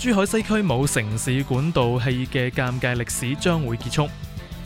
珠海西區冇城市管道氣嘅尷尬歷史將會結束。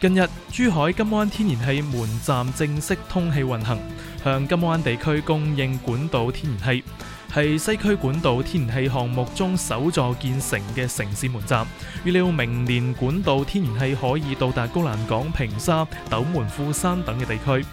近日，珠海金灣天然氣門站正式通氣運行，向金灣地區供應管道天然氣，係西區管道天然氣項目中首座建成嘅城市門站。預料明年管道天然氣可以到達高欄港、平沙、斗門、富山等嘅地區。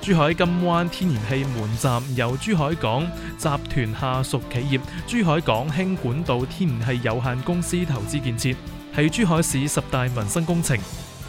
珠海金灣天然氣門站由珠海港集團下屬企業珠海港興管道天然氣有限公司投資建設，係珠海市十大民生工程。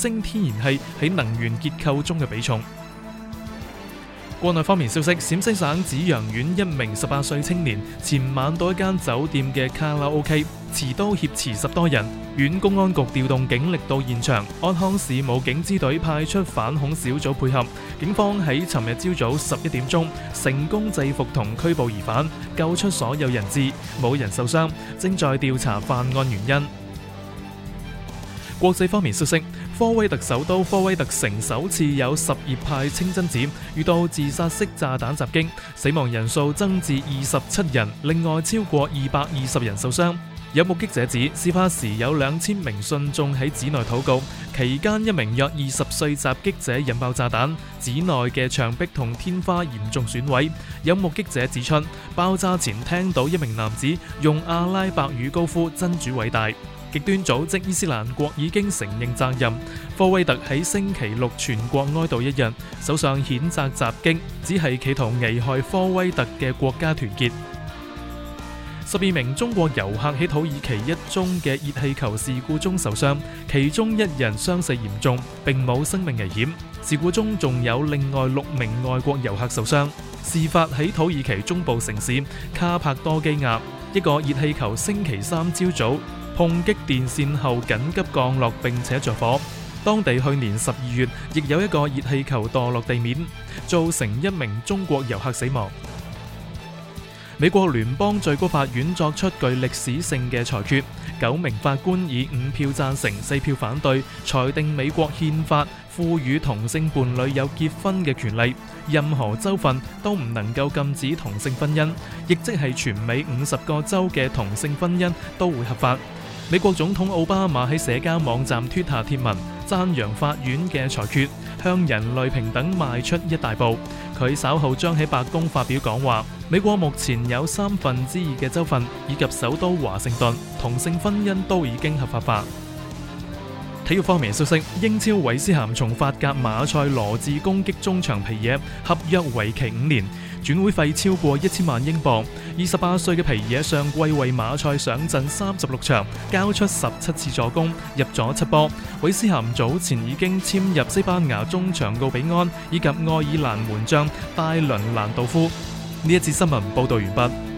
升天然氣喺能源結構中嘅比重。國內方面消息，陝西省紫陽縣一名十八歲青年前晚到一間酒店嘅卡拉 OK 持刀挾持十多人，縣公安局調動警力到現場，安康市武警支隊派出反恐小組配合，警方喺尋日朝早十一點鐘成功制服同拘捕疑犯，救出所有人質，冇人受傷，正在調查犯案原因。國際方面消息，科威特首都科威特城首次有什葉派清真寺遇到自殺式炸彈襲擊，死亡人數增至二十七人，另外超過二百二十人受傷。有目擊者指，事發時有兩千名信眾喺寺內禱告，期間一名約二十歲襲擊者引爆炸彈，寺內嘅牆壁同天花嚴重損毀。有目擊者指出，爆炸前聽到一名男子用阿拉伯語高呼真主偉大。極端組織伊斯蘭國已經承認責任。科威特喺星期六全國哀悼一日，首相譴責襲擊，只係企圖危害科威特嘅國家團結。十二名中國遊客喺土耳其一宗嘅熱氣球事故中受傷，其中一人傷勢嚴重，並冇生命危險。事故中仲有另外六名外國遊客受傷。事發喺土耳其中部城市卡帕多基亞，一個熱氣球星期三朝早。碰擊電線後緊急降落並且着火，當地去年十二月亦有一個熱氣球墜落地面，造成一名中國遊客死亡。美國聯邦最高法院作出具歷史性嘅裁決，九名法官以五票贊成四票反對，裁定美國憲法賦予同性伴侶有結婚嘅權利，任何州份都唔能夠禁止同性婚姻，亦即係全美五十個州嘅同性婚姻都會合法。美國總統奧巴馬喺社交網站推特貼文讚揚法院嘅裁決，向人類平等邁出一大步。佢稍後將喺白宮發表講話。美國目前有三分之二嘅州份以及首都華盛頓同性婚姻都已經合法化。體育方面消息，英超韋斯咸從法甲馬賽羅致攻擊中場皮耶，合約為期五年。轉會費超過一千萬英鎊，二十八歲嘅皮野上季為馬賽上陣三十六場，交出十七次助攻，入咗七波。韋斯咸早前已經簽入西班牙中場奧比安以及愛爾蘭門將戴倫蘭道夫。呢一節新聞報道完畢。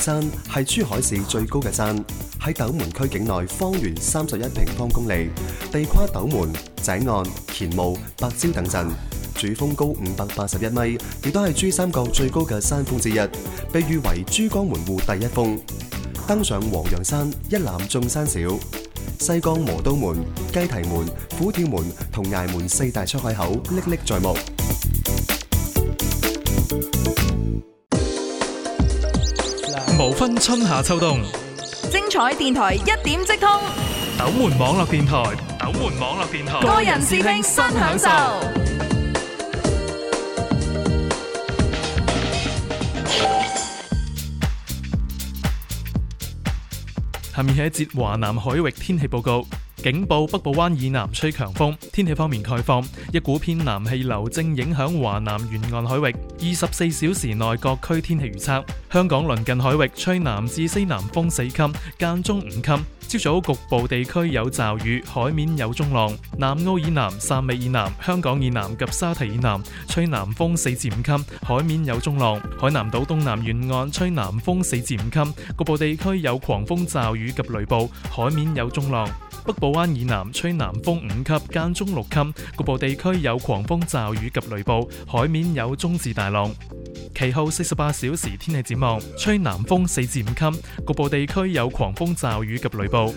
山係珠海市最高嘅山，喺斗門區境內，方圓三十一平方公里，地跨斗門、井岸、乾務、白蕉等鎮。主峰高五百八十一米，亦都係珠三角最高嘅山峰之一，被譽為珠江門戶第一峰。登上黃楊山，一覽眾山小，西江磨刀門、雞啼門、虎跳門同崖門四大出海口歷歷在目。分春夏秋冬，精彩電台，一點即通。斗門網絡電台，斗門網絡電台，個人視聽新享受。下面係一節華南海域天氣報告。警報：北部灣以南吹強風。天氣方面，概況：一股偏南氣流正影響華南沿岸海域。二十四小時內各區天氣預測：香港鄰近海域吹南至西南風四級，間中五級。朝早局部地區有驟雨，海面有中浪。南澳以南、汕尾以南、香港以南及沙提以南吹南風四至五級，海面有中浪。海南島東南沿岸吹南風四至五級，局部地區有狂風驟雨及雷暴，海面有中浪。北部。灣以南吹南風五級，間中六級，局部地區有狂風驟雨及雷暴，海面有中至大浪。其後四十八小時天氣展望：吹南風四至五級，局部地區有狂風驟雨及雷暴。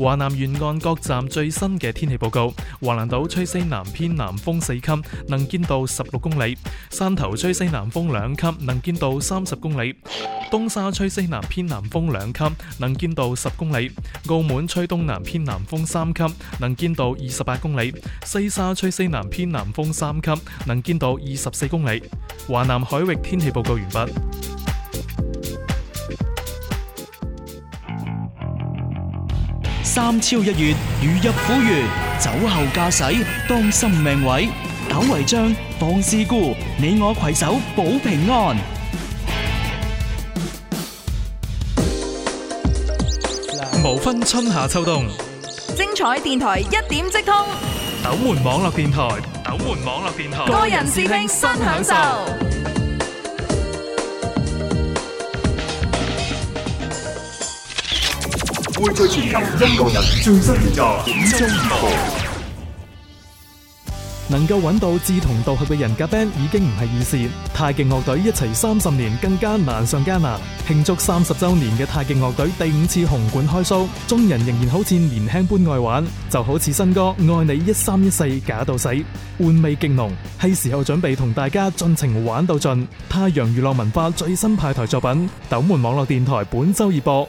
華南沿岸各站最新嘅天氣報告：華南島吹西南偏南風四級，能見度十六公里；汕頭吹西南風兩級，能見度三十公里；東沙吹西南偏南風兩級，能見度十公里；澳門吹東南偏南風三級，能見度二十八公里；西沙吹西南偏南風三級，能見度二十四公里。華南海域天氣報告完畢。三超一越，如入虎穴；酒後駕駛，當心命毀。鬥違章，防事故，你我攜手保平安。無分春夏秋冬，精彩電台一點即通。斗門網絡電台，斗門網絡電台，個人視聽新享受。會在全球音樂人最新創作，本周熱播。能夠揾到志同道合嘅人夾 band 已經唔係易事。太極樂隊一齊三十年更加難上加難。慶祝三十周年嘅太極樂隊第五次紅館開 show，眾人仍然好似年輕般愛玩，就好似新歌《愛你一三一四》假到死，玩味極濃，係時候準備同大家盡情玩到盡。太陽娛樂文化最新派台作品，鬥門網絡電台本周熱播。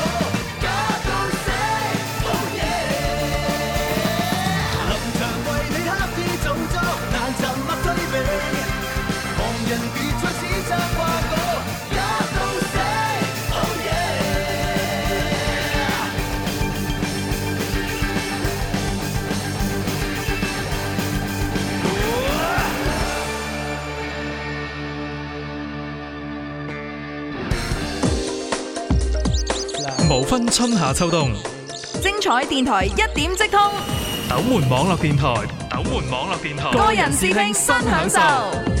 無分春夏秋冬，精彩電台一點即通。鬥門網絡電台，鬥門網絡電台，個人視聽新享受。